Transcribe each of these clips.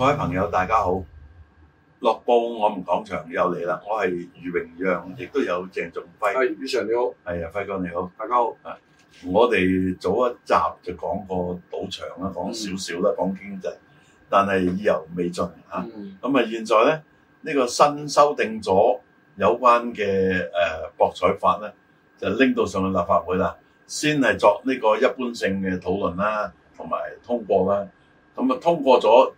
各位朋友，大家好！樂報我們講場又嚟啦，我係余榮陽，亦都有鄭仲輝。係、哎，余常你好。係啊，輝哥你好。大家好。啊，我哋早一集就講過賭場啦，講少少啦，嗯、講經濟，但係意猶未盡嚇。咁啊，嗯、現在咧，呢、這個新修訂咗有關嘅誒、呃、博彩法咧，就拎到上去立法會啦，先係作呢個一般性嘅討論啦，同埋通過啦。咁啊，通過咗。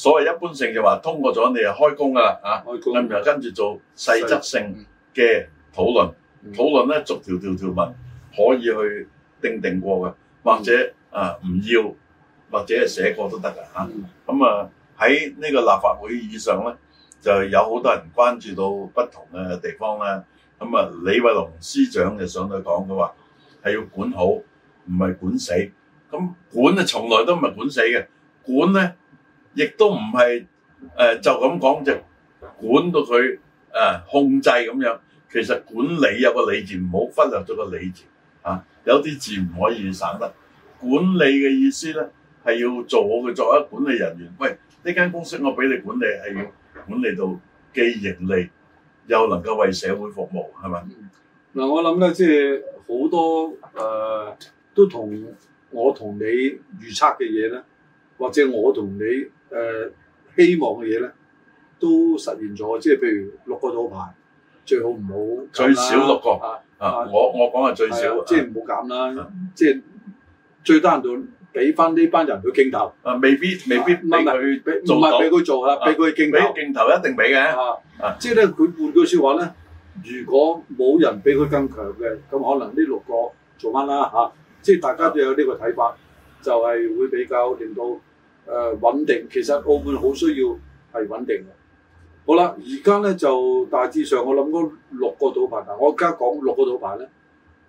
所謂一般性就話通過咗，你就開工噶啦啊，咁就工跟住做細則性嘅討論。的討論咧逐條條條,條文可以去定定過嘅，或者、嗯、啊唔要，或者係寫過都得噶嚇。咁啊喺呢、嗯啊、個立法會議上咧，就有好多人關注到不同嘅地方咧。咁啊，李偉農司長就上去講佢話係要管好，唔係管死。咁管啊，從來都唔係管死嘅管咧。亦都唔係誒，就咁講就管到佢誒、呃、控制咁樣。其實管理有個理字，唔好忽略咗個理字。嚇、啊。有啲字唔可以省得。管理嘅意思咧，係要做好佢作為管理人員。喂，呢間公司我俾你管理係要管理到既盈利又能夠為社會服務，係咪？嗱、呃，我諗咧，即係好多誒、呃、都同我同你預測嘅嘢咧，或者我同你。誒希望嘅嘢咧，都實現咗，即係譬如六個賭牌，最好唔好最少六個啊！我我講係最少，即係唔好減啦，即係最低限度俾翻呢班人去鏡頭啊！未必未必，唔係唔係俾佢做啦，俾佢鏡頭，鏡頭一定俾嘅啊！即係咧，佢換句説話咧，如果冇人俾佢更強嘅，咁可能呢六個做返啦嚇？即係大家都有呢個睇法，就係會比較令到。誒、啊、穩定，其實澳門好需要係穩定嘅。好啦，而家咧就大致上，我諗嗰六個賭牌啊，但我而家講六個賭牌咧，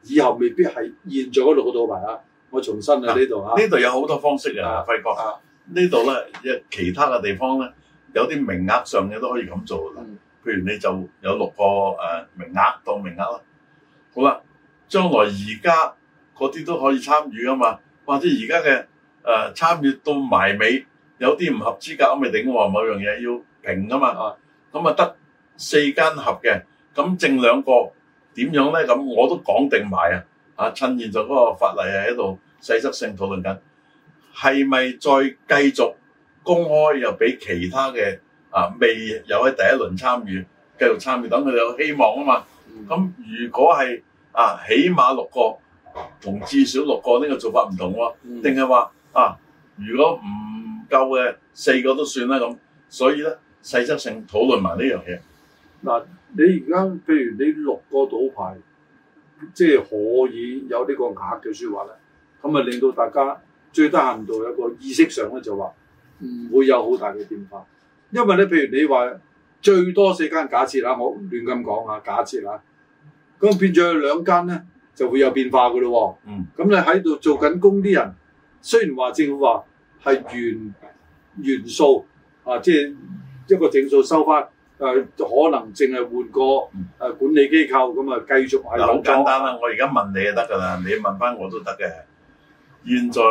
以後未必係現在六個賭牌啊。我重新啊呢度啊，呢度有好多方式嘅，輝哥啊，啊啊呢度咧，其他嘅地方咧，有啲名額上嘅都可以咁做啦。譬、嗯、如你就有六個誒名額當名額啦。好啦，將來而家嗰啲都可以參與噶嘛，或者而家嘅。誒參與到埋尾，有啲唔合資格，我咪頂喎。某樣嘢要平㗎嘛嚇，咁啊得四間合嘅，咁剩兩個點樣咧？咁我都講定埋啊！啊，趁現在嗰個法例係喺度細則性討論緊，係咪再繼續公開又俾其他嘅啊，未有喺第一輪參與繼續參與，等佢有希望啊嘛？咁如果係啊，起碼六個同至少六個呢個做法唔同喎，定係話？啊！如果唔夠嘅四個都算啦咁，所以咧細則性討論埋呢樣嘢。嗱、啊，你而家譬如你六個賭牌，即係可以有呢個額嘅説話咧，咁啊令到大家最低限度有個意識上咧就話唔會有好大嘅變化。因為咧，譬如你話最多四間假設啦，我亂咁講下假設啦，咁變咗兩間咧就會有變化噶咯。嗯，咁你喺度做緊工啲人。雖然話政府話係原原數啊，即係一個整數收翻，誒、呃、可能淨係換個誒、呃、管理機構咁、嗯、啊，繼續喺好簡單啦，我而家問你就得噶啦，你問翻我都得嘅。現在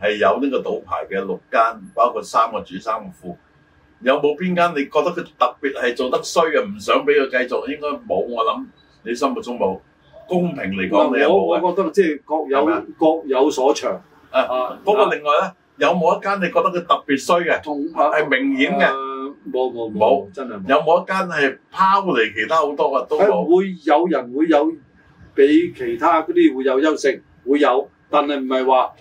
係有呢個賭牌嘅六間，包括三個主三個副，有冇邊間你覺得佢特別係做得衰嘅，唔想俾佢繼續？應該冇我諗，你心目中冇公平嚟講，我我覺得即係是各有各有，各有所長。啊！不過另外咧，有冇一間你覺得佢特別衰嘅，係明顯嘅？冇冇冇，真係冇。有冇一間係拋離其他好多嘅？都冇。會有人會有比其他嗰啲會有優勝，會有，但係唔係話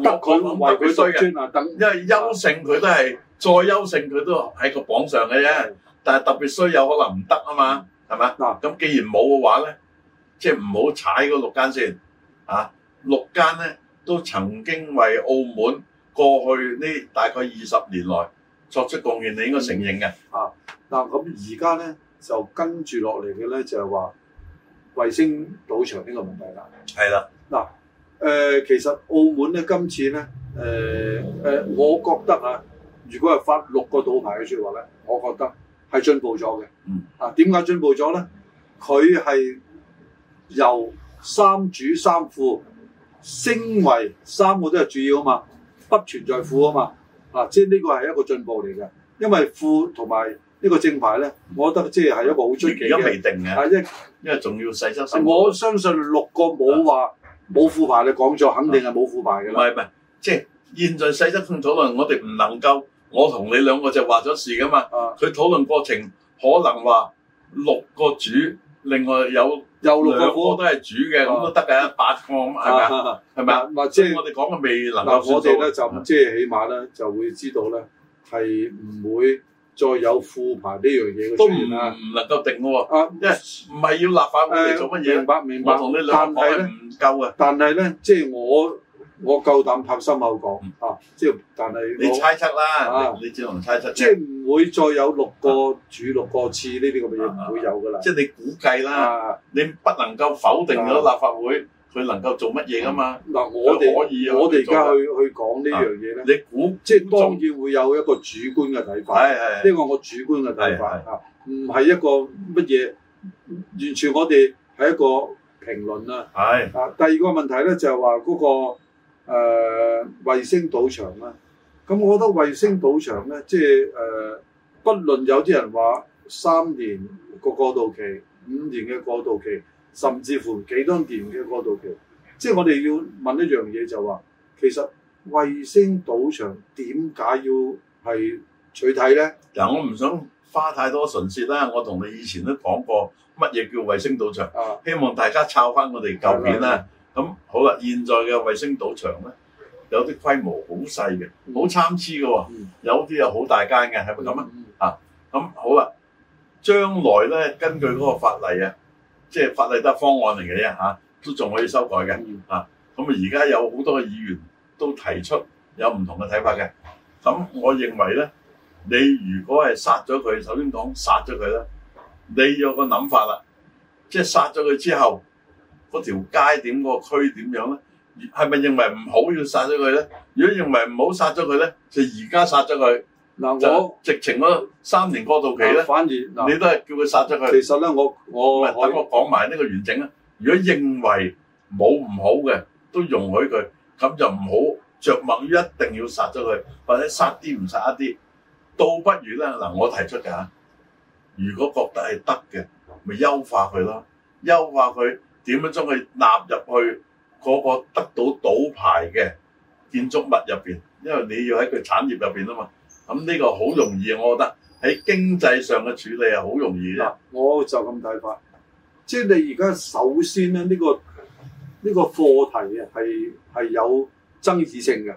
得佢特別衰嘅，因為優勝佢都係再優勝佢都喺個榜上嘅啫。但係特別衰有可能唔得啊嘛，係咪？嗱，咁既然冇嘅話咧，即係唔好踩嗰六間先啊！六間咧。都曾經為澳門過去呢大概二十年來作出貢獻，你應該承認嘅、嗯。啊，嗱，咁而家咧就跟住落嚟嘅咧就係話衛星賭場呢個問題啦。係啦的，嗱誒、啊呃，其實澳門咧今次咧誒誒，我覺得啊，如果係發六個賭牌嘅説話咧，我覺得係進步咗嘅。嗯。啊，點解進步咗咧？佢係由三主三副。升為三個都係主要啊嘛，不存在副啊嘛，嗱、啊，即係呢個係一個進步嚟嘅，因為副同埋呢個正牌咧，我覺得即係係一個好出奇嘅，呃、未定嘅，係因、啊、因為仲要細則性。我相信六個冇話冇副牌，你講咗肯定係冇副牌嘅。唔係唔係，即係現在細則性討論，我哋唔能夠，我同你兩個就話咗事噶嘛。佢、啊、討論過程可能話六個主。另外有有六個都係煮嘅，咁都得嘅，八個係咪啊？係咪啊？或者係我哋講嘅未能我哋咧，就即係起碼咧，就會知道咧，係唔會再有副牌呢樣嘢嘅出現啦。都唔能夠定喎，因為唔係要立法會嚟做乜嘢。明白明白。但係咧唔夠嘅。但係咧，即係我。我夠膽拍心口講嚇，即係但係你猜測啦，你只能猜測。即係唔會再有六個主六個次呢啲咁嘅嘢，唔會有噶啦。即係你估計啦，你不能夠否定咗立法會佢能夠做乜嘢噶嘛？嗱，我哋可以我哋而家去去講呢樣嘢咧，你估即係當然會有一個主觀嘅睇法。係係，呢個我主觀嘅睇法啊，唔係一個乜嘢完全，我哋係一個評論啦。係啊，第二個問題咧就係話嗰個。誒、呃、衛星賭場啦，咁我覺得衛星賭場咧，即係誒、呃，不論有啲人話三年個過渡期、五年嘅過渡期，甚至乎幾多年嘅過渡期，即係我哋要問一樣嘢就話、是，其實衛星賭場點解要係取締咧？嗱，我唔想花太多唇舌啦，我同你以前都講過乜嘢叫衛星賭場，啊、希望大家抄翻我哋舊片啦。咁好啦，現在嘅衛星賭場咧，有啲規模好細嘅，好參差嘅喎；有啲又好大間嘅，係咪咁啊？啊，咁好啦，將來咧，根據嗰個法例，法例啊，即係法例得方案嚟嘅啫嚇，都仲可以修改嘅啊。咁啊，而家有好多嘅議員都提出有唔同嘅睇法嘅。咁我認為咧，你如果係殺咗佢，首先講殺咗佢啦，你有個諗法啦，即係殺咗佢之後。嗰條街點，嗰、嗰個區點樣咧？係咪認為唔好要殺咗佢咧？如果認為唔好殺咗佢咧，就而家殺咗佢。嗱我，我直情嗰三年過渡期咧，反而你都係叫佢殺咗佢。其實咧，我我等我講埋呢個完整啊。如果認為冇唔好嘅，都容許佢，咁就唔好着墨於一定要殺咗佢，或者殺啲唔殺一啲，倒不如咧嗱，我提出嘅吓，如果覺得係得嘅，咪優化佢咯，優化佢。點樣將佢納入去嗰個得到賭牌嘅建築物入邊？因為你要喺佢產業入邊啊嘛。咁呢個好容易，我覺得喺經濟上嘅處理啊，好容易啫。嗱，我就咁睇法，即係你而家首先咧，呢、呢個呢、呢個課題啊，係係有爭議性嘅，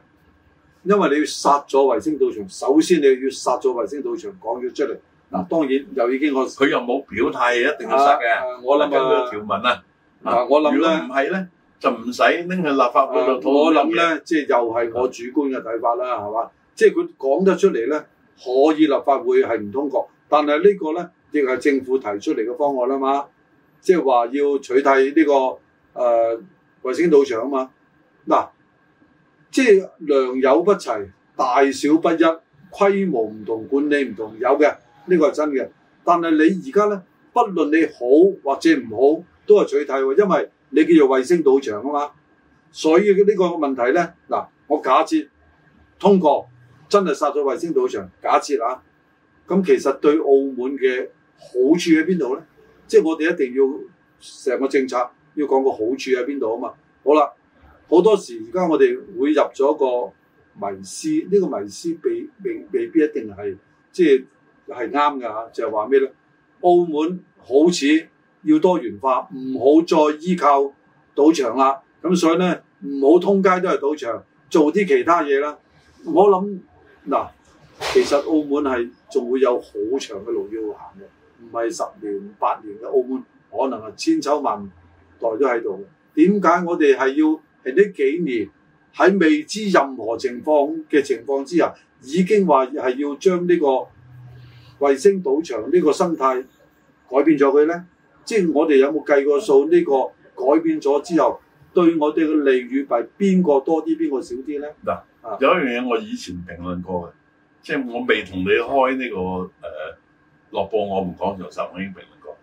因為你要殺咗衛星賭場，首先你要殺咗衛星賭場講咗出嚟。嗱，當然又已經我佢又冇表態，一定要殺嘅。啊、我諗緊條文啊。嗱，我諗唔係咧，就唔使拎去立法會度通過嘅。即係、啊就是、又係我主觀嘅睇法啦，係嘛？即係佢講得出嚟咧，可以立法會係唔通過，但係呢個咧亦係政府提出嚟嘅方案啦嘛。即係話要取締呢、這個誒、呃、衛星賭場啊嘛。嗱、啊，即、就、係、是、良莠不齊、大小不一、規模唔同、管理唔同，有嘅呢、這個係真嘅。但係你而家咧？不論你好或者唔好，都係取締喎，因為你叫做衛星賭場啊嘛，所以呢個問題咧，嗱，我假設通過真係殺咗衛星賭場，假設啊，咁其實對澳門嘅好處喺邊度咧？即係我哋一定要成個政策要講個好處喺邊度啊嘛。好啦，好多時而家我哋會入咗個迷思，呢個迷思並並未必一定係即係係啱㗎嚇，就係話咩咧？澳門好似要多元化，唔好再依靠賭場啦。咁所以咧，唔好通街都係賭場，做啲其他嘢啦。我諗嗱，其實澳門係仲會有好長嘅路要行嘅，唔係十年、八年嘅澳門，可能係千秋萬代都喺度嘅。點解我哋係要喺呢幾年喺未知任何情況嘅情況之下，已經話係要將呢個衛星賭場呢個生態改變咗佢咧，即係我哋有冇計過數呢、這個改變咗之後，對我哋嘅利與弊邊個多啲，邊個少啲咧？嗱，有一樣嘢我以前評論過嘅，即係我未同你開呢、這個誒樂報，呃、報我唔講，就實我已經評論過。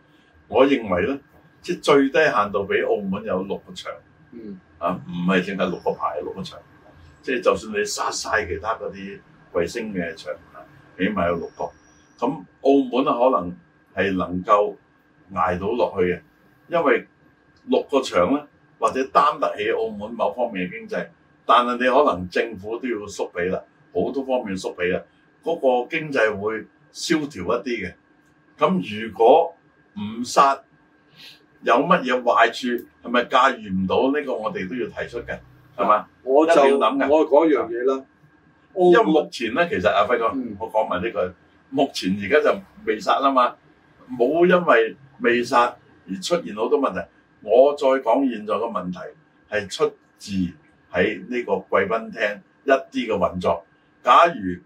我認為咧，即係最低限度比澳門有六個場，嗯啊，唔係淨係六個牌六個場，即係就算你殺晒其他嗰啲衛星嘅場，起碼有六個。嗯咁澳門可能係能夠捱到落去嘅，因為六個場咧，或者擔得起澳門某方面嘅經濟，但係你可能政府都要縮皮啦，好多方面縮皮啦，嗰、那個經濟會蕭條一啲嘅。咁如果唔殺，有乜嘢壞處係咪駕馭唔到呢個？我哋都要提出嘅，係嘛、啊？我就諗嘅。我講一樣嘢啦，因為想想目前咧，其實阿、啊、輝哥，嗯、我講埋呢句。目前而家就未殺啦嘛，冇因為未殺而出現好多問題。我再講現在個問題係出自喺呢個貴賓廳一啲嘅運作。假如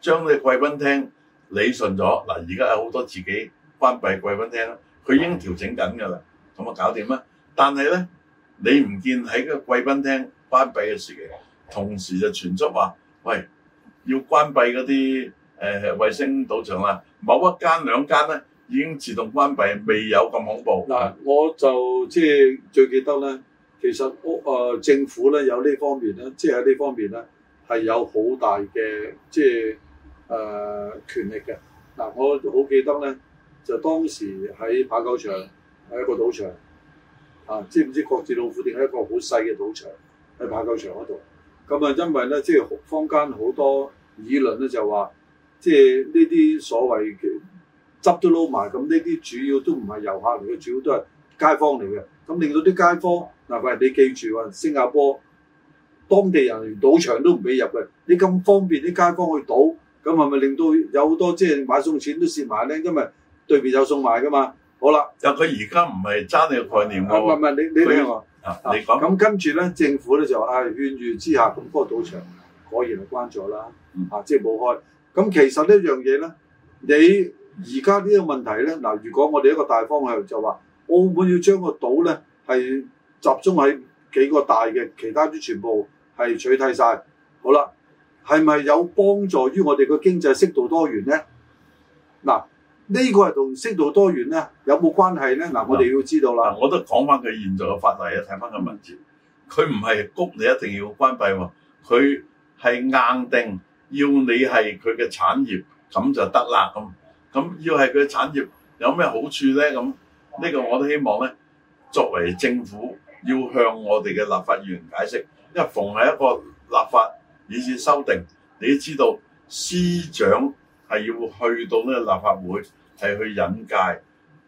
將啲貴賓廳理順咗，嗱，而家有好多自己關閉貴賓廳，佢已經調整緊㗎啦，咁啊搞掂啦。但係咧，你唔見喺個貴賓廳關閉嘅時期，同時就傳出話，喂，要關閉嗰啲。誒，衞、呃、星賭場啦，某一間兩間咧已經自動關閉，未有咁恐怖。嗱，我就即係、就是、最記得咧，其實我誒、呃、政府咧有呢方面咧，即係喺呢方面咧係有好大嘅即係誒權力嘅。嗱，我好記得咧，就當時喺跑狗場，喺一個賭場啊，知唔知角子老虎定係一個好細嘅賭場喺跑狗場嗰度？咁啊，因為咧，即、就、係、是、坊間好多議論咧，就話。即係呢啲所謂嘅執拾都撈埋，咁呢啲主要都唔係遊客嚟嘅，主要都係街坊嚟嘅。咁令到啲街坊嗱，唔你記住喎，新加坡當地人連賭場都唔俾入嘅。你咁方便啲街坊去賭，咁係咪令到有好多即係買餸錢都蝕埋咧？因為對面有餸賣噶嘛。好啦，但佢而家唔係爭你個概念喎。唔係唔係，你你聽我你講。咁跟住咧，政府咧就誒勸喻之下，咁、那、嗰個賭場果然係關咗啦，啊、嗯，即係冇開。咁其實呢樣嘢咧，你而家呢個問題咧，嗱，如果我哋一個大方向就話，澳門要將個島咧係集中喺幾個大嘅，其他啲全部係取替晒，好啦，係咪有幫助於我哋個經濟適度多元咧？嗱，呢、這個係同適度多元咧有冇關係咧？嗱，我哋要知道啦。我都講翻佢現在嘅法例啊，睇翻個文字，佢唔係谷你一定要關閉喎，佢係硬定。要你係佢嘅產業咁就得啦咁，咁要係佢嘅產業有咩好處咧咁？呢個我都希望咧，作為政府要向我哋嘅立法議員解釋，因為逢係一個立法以至修訂，你知道司長係要去到呢個立法會係去引介，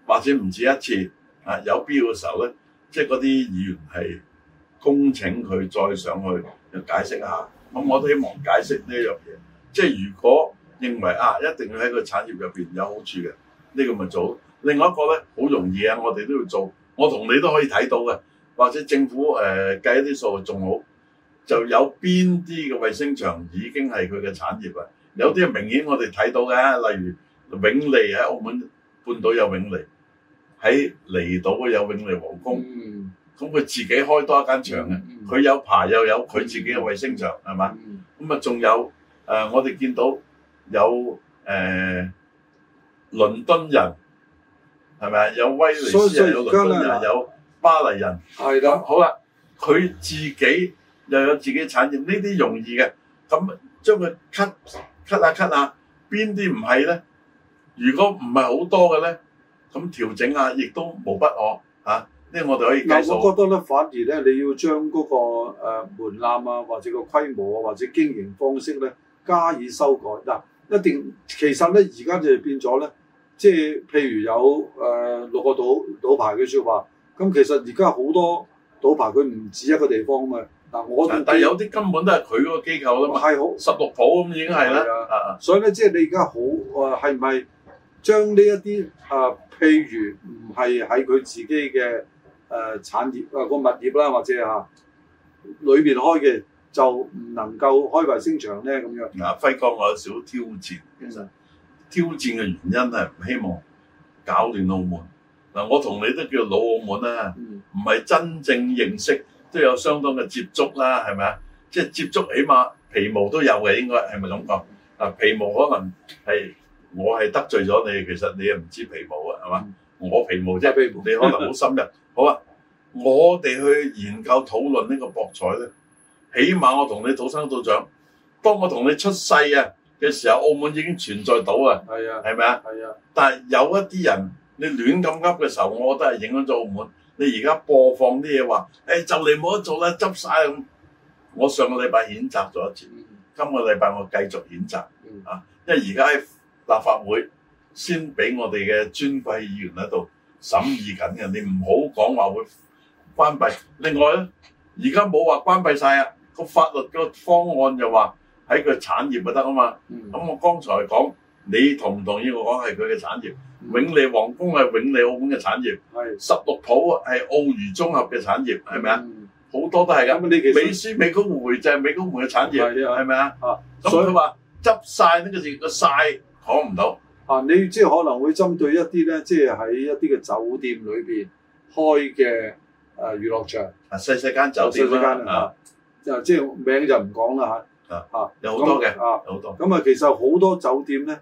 或者唔止一次啊，有必要嘅時候咧，即係嗰啲議員係恭請佢再上去又解釋下。咁我都希望解釋呢一樣嘢，即係如果認為啊，一定要喺個產業入邊有好處嘅，呢、這個咪做。另外一個咧，好容易啊，我哋都要做。我同你都可以睇到嘅，或者政府誒、呃、計一啲數仲好，就有邊啲嘅衛星場已經係佢嘅產業啊。有啲係明顯我哋睇到嘅，例如永利喺澳門半島有永利，喺離島有永利皇宮，咁佢、嗯、自己開多一間場嘅。嗯嗯佢有排又有佢自己嘅衛星場，係咪？咁啊、mm，仲、hmm. 有誒、呃，我哋見到有誒、呃、倫敦人，係咪啊？有威尼斯人，so, so 有倫敦人，Canada. 有巴黎人，係啦 Yeah.、啊。好啦、啊，佢自己又有自己產業，呢啲容易嘅。咁將佢 cut cut cut 啊 cut 啊，邊啲唔係咧？如果唔係好多嘅咧，咁調整啊，亦都無不可。嚇、啊。嗱，我覺得咧，反而咧，你要將嗰、那個誒、呃、門檻啊，或者個規模啊，或者經營方式咧加以修改。嗱、呃，一定其實咧，而家就變咗咧，即係譬如有誒、呃、六個賭賭牌嘅説話，咁、嗯、其實而家好多賭牌佢唔止一個地方啊嘛。嗱、呃，我但係有啲根本都係佢個機構啦嘛。太好是，十六鋪咁已經係啦。所以咧，即係你而家好誒，係唔係將呢一啲啊，譬如唔係喺佢自己嘅。誒、呃、產業啊個、呃、物業啦，或者嚇裏邊開嘅就唔能夠開衛星場咧咁樣。嗱、啊，輝哥我有少少挑戰，其實挑戰嘅原因係唔希望搞亂澳門。嗱、啊，我同你都叫老澳門啦、啊，唔係、嗯、真正認識，都有相當嘅接觸啦，係咪啊？即、就、係、是、接觸，起碼皮毛都有嘅，應該係咪咁講？啊，皮毛可能係我係得罪咗你，其實你又唔知皮毛啊，係嘛？嗯、我皮毛啫，你可能好深入。 好啊！我哋去研究討論呢個博彩咧，起碼我同你土生土長，當我同你出世啊嘅時候，澳門已經存在到啊，係啊，係咪啊？係啊！但係有一啲人你亂咁噏嘅時候，我覺得係影響咗澳門。你而家播放啲嘢話，誒就嚟冇得做啦，執晒咁。我上個禮拜譴責咗一次，今個禮拜我繼續譴責啊，因為而家喺立法會先俾我哋嘅尊貴議員喺度。審議緊嘅，你唔好講話會關閉。另外咧，而家冇話關閉晒啊！個法律個方案就話喺個產業咪得啊嘛。咁、嗯嗯、我剛才講你同唔同意我講係佢嘅產業？嗯、永利皇宮係永利澳門嘅產業，的十六浦係澳娛綜合嘅產業，係咪啊？好、嗯、多都係㗎。你美獅美高梅就係美高梅嘅產業，係咪啊？咁佢話執晒呢件事，個晒講唔到。啊！你即係可能會針對一啲咧，即係喺一啲嘅酒店裏邊開嘅誒娛樂場啊，細細間酒店啦啊！就即係名就唔講啦嚇啊有好多嘅啊，好多咁啊，啊！其實好多酒店咧，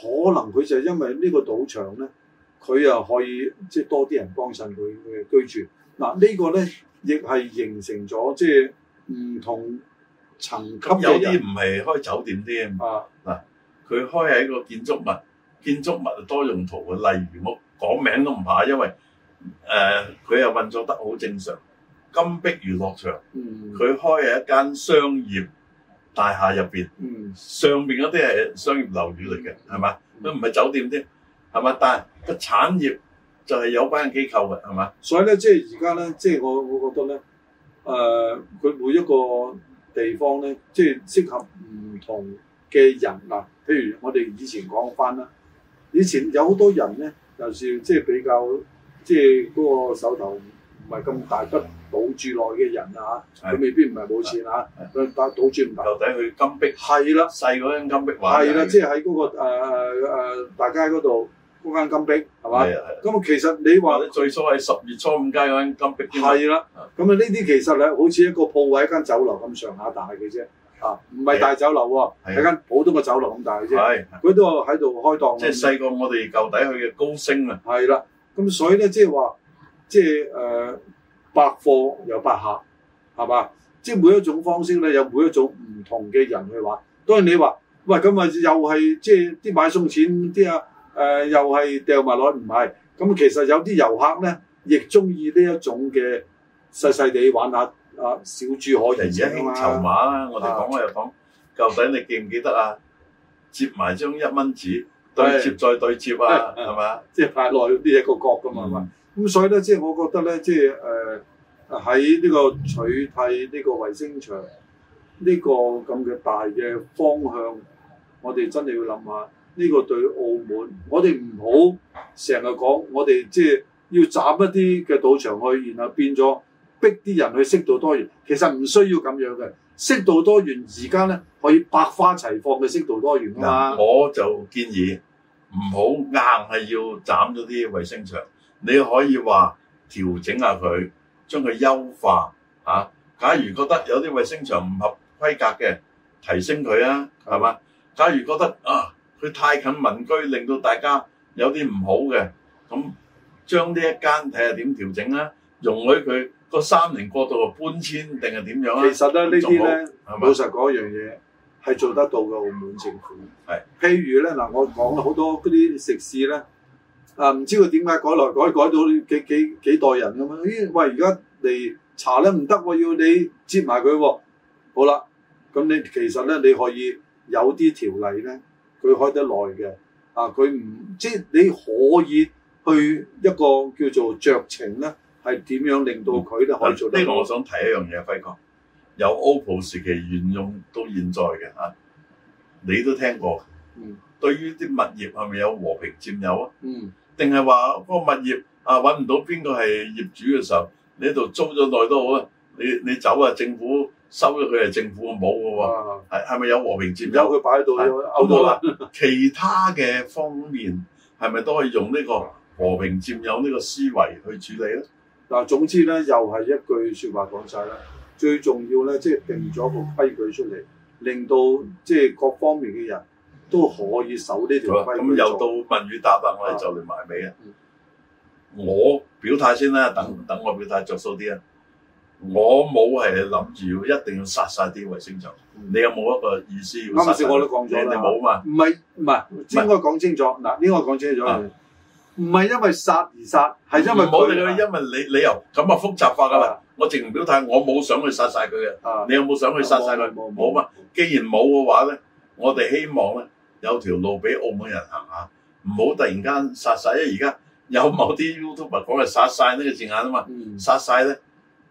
可能佢就係因為呢個賭場咧，佢又可以即係多啲人幫襯佢嘅居住。嗱、啊這個、呢個咧，亦係形成咗即係唔同層級嘅。有啲唔係開酒店添啊？嗱、啊，佢開喺個建築物。建築物多用途嘅，例如我講名都唔怕，因為誒佢又運作得好正常。金碧娛樂場，佢、嗯、開喺一間商業大廈入邊，嗯、上邊嗰啲係商業樓宇嚟嘅，係嘛？都唔係酒店啲，係嘛？但係個產業就係有班機構嘅，係嘛？所以咧，即係而家咧，即係我我覺得咧，誒、呃、佢每一個地方咧，即係適合唔同嘅人嗱，譬如我哋以前講翻啦。以前有好多人咧，有時即係比較即係嗰個手頭唔唔係咁大筆賭注來嘅人啊嚇，佢的未必唔係冇錢啊，佢打賭注唔大，由底去金碧，係啦，細嗰、就是那個呃呃、間金碧，係啦，即係喺嗰個誒誒大街嗰度嗰間金碧，係嘛？咁、嗯、其實你話，或者最初係十月初五街嗰間金碧，係啦的，咁啊呢啲其實係好似一個鋪位間酒樓咁上下大嘅啫。啊，唔係大酒樓喎，係間、啊、普通嘅酒樓咁大嘅啫。佢、啊、都喺度開檔。即係細過我哋舊底去嘅高升啦。係啦、嗯，咁、啊、所以咧，即係話，即係誒，百貨有百客，係嘛？即、就、係、是、每一種方式咧，有每一種唔同嘅人去玩。當然你話，喂，咁啊又係即係啲買餸錢啲啊誒，又係掉埋落唔係？咁、嗯、其實有啲遊客咧，亦中意呢一種嘅細細哋玩下。可籌碼啊！小珠海之星啊，籌碼啦，我哋講開又講，究竟、啊、你記唔記得啊？接埋張一蚊紙，對接再對接啊，係嘛、啊？即係內呢一個角噶嘛，係嘛、嗯？咁所以咧，即係我覺得咧，即係誒喺呢個取締呢個衛星場呢、這個咁嘅大嘅方向，我哋真係要諗下呢個對澳門，我哋唔好成日講，我哋即係要斬一啲嘅賭場去，然後變咗。逼啲人去適度多元，其實唔需要咁樣嘅。適度多元而家咧，可以百花齊放嘅適度多元啊！嗯、我就建議唔好硬係要斬咗啲衛星場，你可以話調整下佢，將佢優化嚇、啊。假如覺得有啲衛星場唔合規格嘅，提升佢啊，係嘛？嗯、假如覺得啊，佢太近民居，令到大家有啲唔好嘅，咁將呢一間睇下點調整啦，容許佢。個三年過渡嘅搬遷定係點樣啊？其實咧，呢啲咧，吧老實講一樣嘢係做得到嘅。澳門政府係，是譬如咧嗱，我講好多嗰啲食肆咧，啊，唔知佢點解改來改改到幾幾幾代人咁樣？咦、啊，喂，而家嚟查咧唔得，我要你接埋佢喎。好啦，咁你其實咧你可以有啲條例咧，佢開得耐嘅，啊，佢唔即係你可以去一個叫做酌情咧。係點樣令到佢都可以做到？呢、嗯這個我想提一樣嘢，輝哥，由 OPPO 時期沿用到現在嘅嚇、啊，你都聽過。嗯，對於啲物業係咪有和平佔有啊？嗯，定係話嗰個物業啊揾唔到邊個係業主嘅時候，你喺度租咗耐都好啊，你你走啊，政府收咗佢係政府嘅冇嘅喎，係咪有、啊啊、有和平佔有佢擺喺度嘅？好啦，其他嘅方面係咪都可以用呢個和平佔有呢個思維去處理咧？嗱，總之咧，又係一句説話講晒啦。最重要咧，即係定咗個規矩出嚟，令到即係各方面嘅人都可以守呢條規矩。咁又到問與答啊，我哋就嚟埋尾啊。我表態先啦，啊，等等我表態着數啲啊。我冇係諗住一定要殺晒啲衛星站，你有冇一個意思要？我都講咗你冇嘛？唔係唔係，應該講清楚嗱，應該講清楚。嗯唔係因為殺而殺，係因為冇你嘅，因為你理由咁啊複雜化噶啦。我直唔表態，我冇想去殺晒佢嘅。你有冇想去殺晒佢？冇啊。既然冇嘅話咧，我哋希望咧有條路俾澳門人行下，唔好突然間殺晒，因為而家有某啲 YouTuber 講係殺晒呢個字眼啊嘛，殺晒咧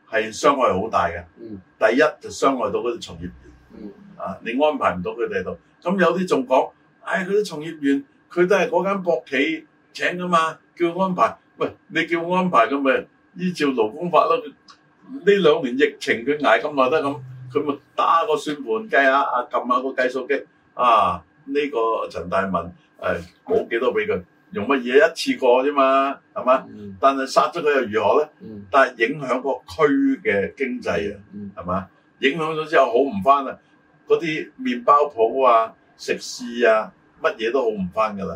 係傷害好大嘅。第一就傷害到嗰啲從業員啊，你安排唔到佢哋度。咁有啲仲講，唉，嗰啲從業員佢都係嗰間博企。請噶嘛，叫安排。喂，你叫安排，佢咪依照勞工法咯。呢兩年疫情，佢捱咁耐得咁，佢咪打個算盤，下計下啊，撳下個計數機啊。呢個陳大文誒，冇、哎、幾多俾佢？用乜嘢一次過啫嘛，係嘛？嗯、但係殺咗佢又如何咧？嗯、但係影響個區嘅經濟啊，係嘛？影響咗之後好唔翻啊！嗰啲麵包鋪啊、食肆啊，乜嘢都好唔翻噶啦。